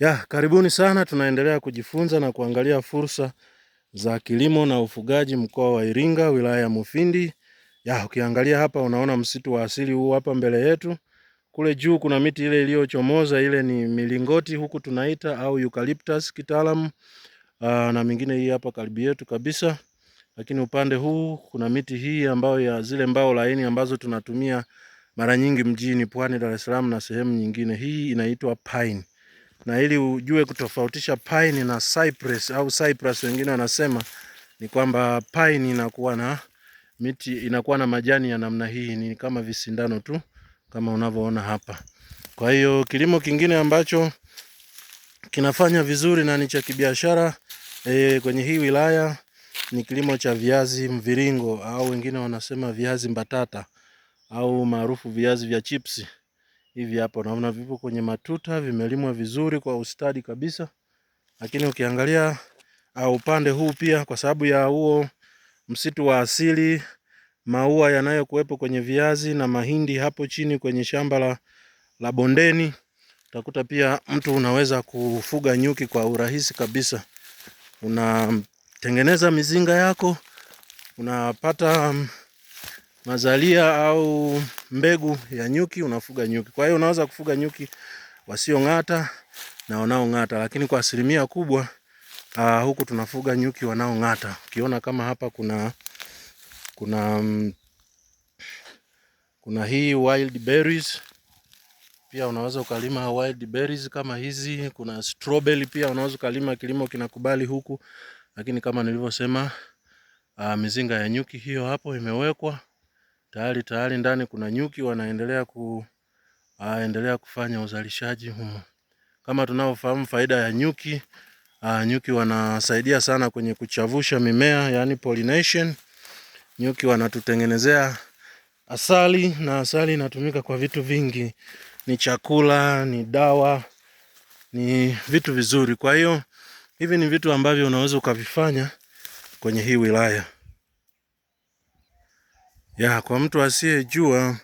Ya, karibuni sana tunaendelea kujifunza na kuangalia fursa za kilimo na ufugaji mkoa wa Iringa, wilaya ya Mufindi. Ya, ukiangalia hapa unaona msitu wa asili huu hapa mbele yetu. Kule juu kuna miti ile iliyochomoza ile ni milingoti huku tunaita au eucalyptus kitaalamu. Ah, na mingine hii hapa karibu yetu kabisa. Lakini upande huu kuna miti hii ambayo ya zile mbao laini ambazo tunatumia mara nyingi mjini Pwani, Dar es Salaam na sehemu nyingine. Hii inaitwa pine na ili ujue kutofautisha pine na cypress au cypress wengine wanasema ni kwamba pine inakuwa na miti inakuwa na majani ya namna hii, ni kama visindano tu kama unavyoona hapa. Kwa hiyo kilimo kingine ambacho kinafanya vizuri na ni cha kibiashara e, kwenye hii wilaya ni kilimo cha viazi mviringo au wengine wanasema viazi mbatata au maarufu viazi vya chipsi hivi hapo, naona vipo kwenye matuta, vimelimwa vizuri kwa ustadi kabisa. Lakini ukiangalia au ah, upande huu pia, kwa sababu ya huo msitu wa asili, maua yanayokuwepo kwenye viazi na mahindi hapo chini kwenye shamba la, la bondeni, utakuta pia mtu unaweza kufuga nyuki kwa urahisi kabisa. Unatengeneza mizinga yako unapata mazalia au mbegu ya nyuki, unafuga nyuki. Kwa hiyo unaweza kufuga nyuki wasiong'ata na wanaong'ata, lakini kwa asilimia kubwa uh, huku tunafuga nyuki wanaong'ata. Ukiona kama hapa kuna kuna um, kuna hii wild berries pia unaweza ukalima wild berries kama hizi. Kuna strawberry pia unaweza ukalima, kilimo kinakubali huku, lakini kama nilivyosema, uh, mizinga ya nyuki hiyo hapo imewekwa tayari tayari ndani kuna nyuki wanaendelea ku, aendelea ah, kufanya uzalishaji humo. Kama tunavyofahamu faida ya nyuki a, ah, nyuki wanasaidia sana kwenye kuchavusha mimea yani pollination. Nyuki wanatutengenezea asali na asali inatumika kwa vitu vingi, ni chakula, ni dawa, ni vitu vizuri. Kwa hiyo hivi ni vitu ambavyo unaweza ukavifanya kwenye hii wilaya. Ya, kwa mtu asiyejua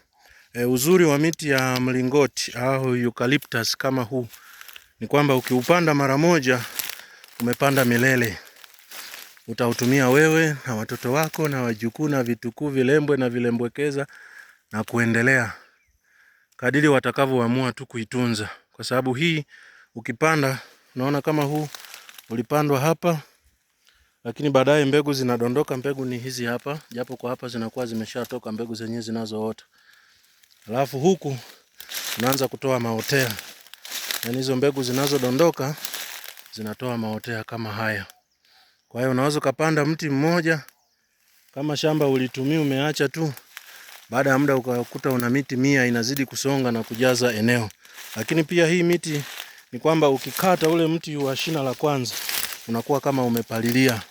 e, uzuri wa miti ya mlingoti au eucalyptus kama huu ni kwamba ukiupanda mara moja umepanda milele. Utautumia wewe na watoto wako na wajukuu na vitukuu, vilembwe na vilembwekeza na kuendelea kadiri watakavyoamua tu kuitunza, kwa sababu hii ukipanda, unaona kama huu ulipandwa hapa lakini baadaye mbegu zinadondoka. Mbegu ni hizi hapa, japo kwa hapa zinakuwa zimeshatoka mbegu zenyewe zinazoota, alafu huku unaanza kutoa maotea, yaani hizo mbegu zinazodondoka zinatoa maotea kama haya. Kwa hiyo unaweza ukapanda mti mmoja, kama shamba ulitumia umeacha tu, baada ya muda ukakuta una miti mia inazidi kusonga na kujaza eneo. Lakini pia hii miti ni kwamba ukikata ule mti wa shina la kwanza unakuwa kama umepalilia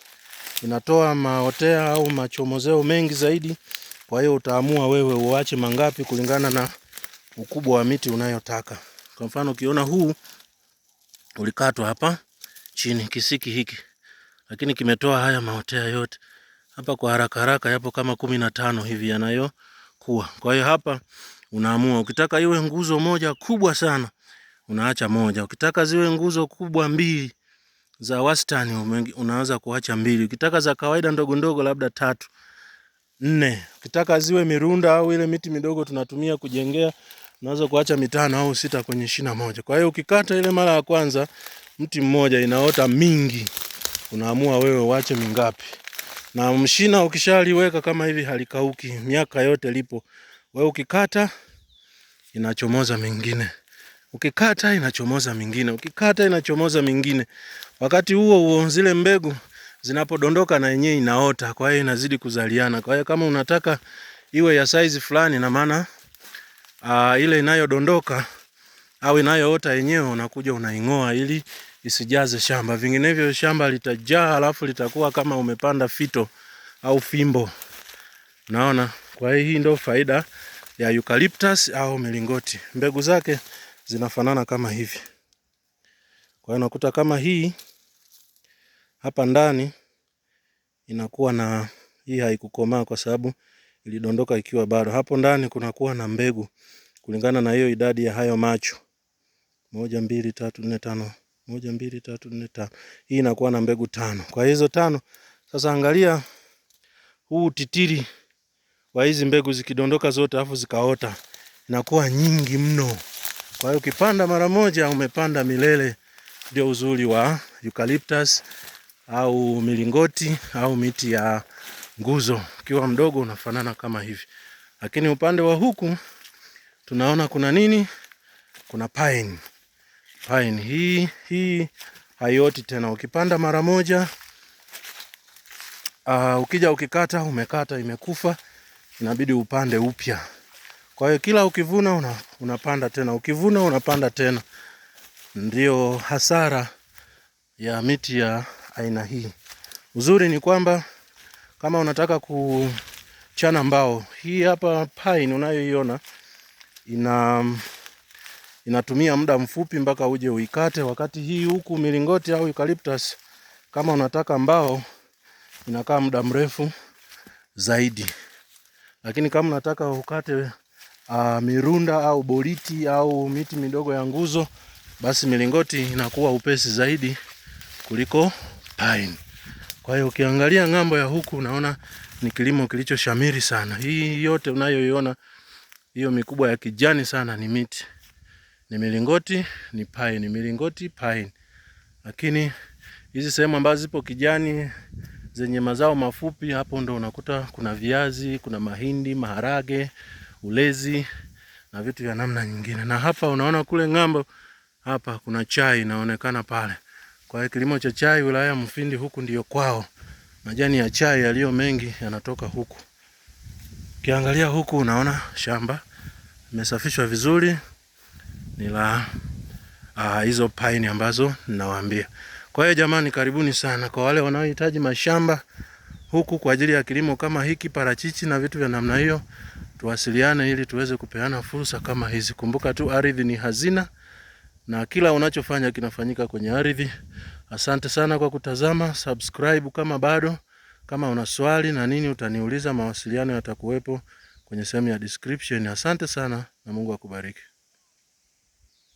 inatoa maotea au machomozeo mengi zaidi. Kwa hiyo utaamua wewe uache mangapi kulingana na ukubwa wa miti unayotaka. Kwa mfano ukiona huu ulikatwa hapa chini kisiki hiki, lakini kimetoa haya maotea yote hapa. Kwa haraka haraka yapo kama kumi na tano hivi yanayokuwa. Kwa hiyo hapa unaamua, ukitaka iwe nguzo moja kubwa sana unaacha moja, ukitaka ziwe nguzo kubwa mbili za wastani unaweza kuacha mbili. Ukitaka za kawaida ndogo ndogo, labda tatu nne. Ukitaka ziwe mirunda au ile miti midogo tunatumia kujengea, unaweza kuacha mitano au sita kwenye shina moja. Kwa hiyo ukikata ile mara ya kwanza mti mmoja inaota mingi, unaamua wewe uache mingapi. Na mshina ukishaliweka kama hivi halikauki, miaka yote lipo. Wewe ukikata inachomoza mingine ukikaa taa inachomoza mingine, ukikaa taa inachomoza mingine. Wakati huo huo zile mbegu zinapodondoka na yenyewe inaota, kwa hiyo inazidi kuzaliana. Kwa hiyo kama unataka iwe ya size fulani, na maana uh, ile inayodondoka au inayoota yenyewe unakuja unaing'oa ili isijaze shamba, vinginevyo shamba litajaa, alafu litakuwa kama umepanda fito au fimbo. Naona, kwa hiyo hii ndio faida ya eucalyptus au milingoti. Mbegu zake zinafanana kama hivi. Kwa hiyo unakuta kama hii hapa ndani inakuwa na hii haikukomaa kwa sababu ilidondoka ikiwa bado. Hapo ndani kunakuwa na mbegu kulingana na hiyo idadi ya hayo macho. Moja, mbili, tatu, nne, tano. Moja, mbili, tatu, nne, tano. Hii inakuwa na mbegu tano. Kwa hizo tano sasa angalia huu titiri wa hizi mbegu zikidondoka zote afu zikaota inakuwa nyingi mno. Kwa hiyo ukipanda mara moja umepanda milele. Ndio uzuri wa eucalyptus au milingoti au miti ya nguzo. Ukiwa mdogo unafanana kama hivi, lakini upande wa huku tunaona kuna nini? Kuna pine. Pine hii hii haioti tena, ukipanda mara moja uh, ukija ukikata, umekata imekufa, inabidi upande upya. Kwa hiyo kila ukivuna una, unapanda tena, ukivuna unapanda tena. Ndio hasara ya miti ya aina hii. Uzuri ni kwamba kama unataka kuchana mbao, hii hapa pine unayoiona ina inatumia muda mfupi mpaka uje uikate, wakati hii huku milingoti au eucalyptus kama unataka mbao inakaa muda mrefu zaidi, lakini kama unataka ukate uh, mirunda au boriti au miti midogo ya nguzo, basi milingoti inakuwa upesi zaidi kuliko pine. Kwa hiyo ukiangalia ng'ambo ya huku unaona ni kilimo kilichoshamiri sana. Hii yote unayoiona hiyo mikubwa ya kijani sana ni miti, ni milingoti, ni pine, ni milingoti, pine. Lakini hizi sehemu ambazo zipo kijani zenye mazao mafupi, hapo ndo unakuta kuna viazi, kuna mahindi, maharage ulezi na vitu vya namna nyingine. Na hapa unaona kule ng'ambo hapa kuna chai inaonekana pale. Kwa hiyo kilimo cha chai wilaya ya Mufindi huku ndiyo kwao. Majani ya chai yaliyo mengi yanatoka huku. Ukiangalia huku unaona shamba limesafishwa vizuri ni la uh, hizo pine ambazo ninawaambia. Kwa hiyo jamani, karibuni sana kwa wale wanaohitaji mashamba huku kwa ajili ya kilimo kama hiki, parachichi na vitu vya namna hiyo tuwasiliane ili tuweze kupeana fursa kama hizi. Kumbuka tu ardhi ni hazina na kila unachofanya kinafanyika kwenye ardhi. Asante sana kwa kutazama, subscribe kama bado. Kama una swali na nini utaniuliza, mawasiliano yatakuwepo kwenye sehemu ya description. Asante sana na Mungu akubariki.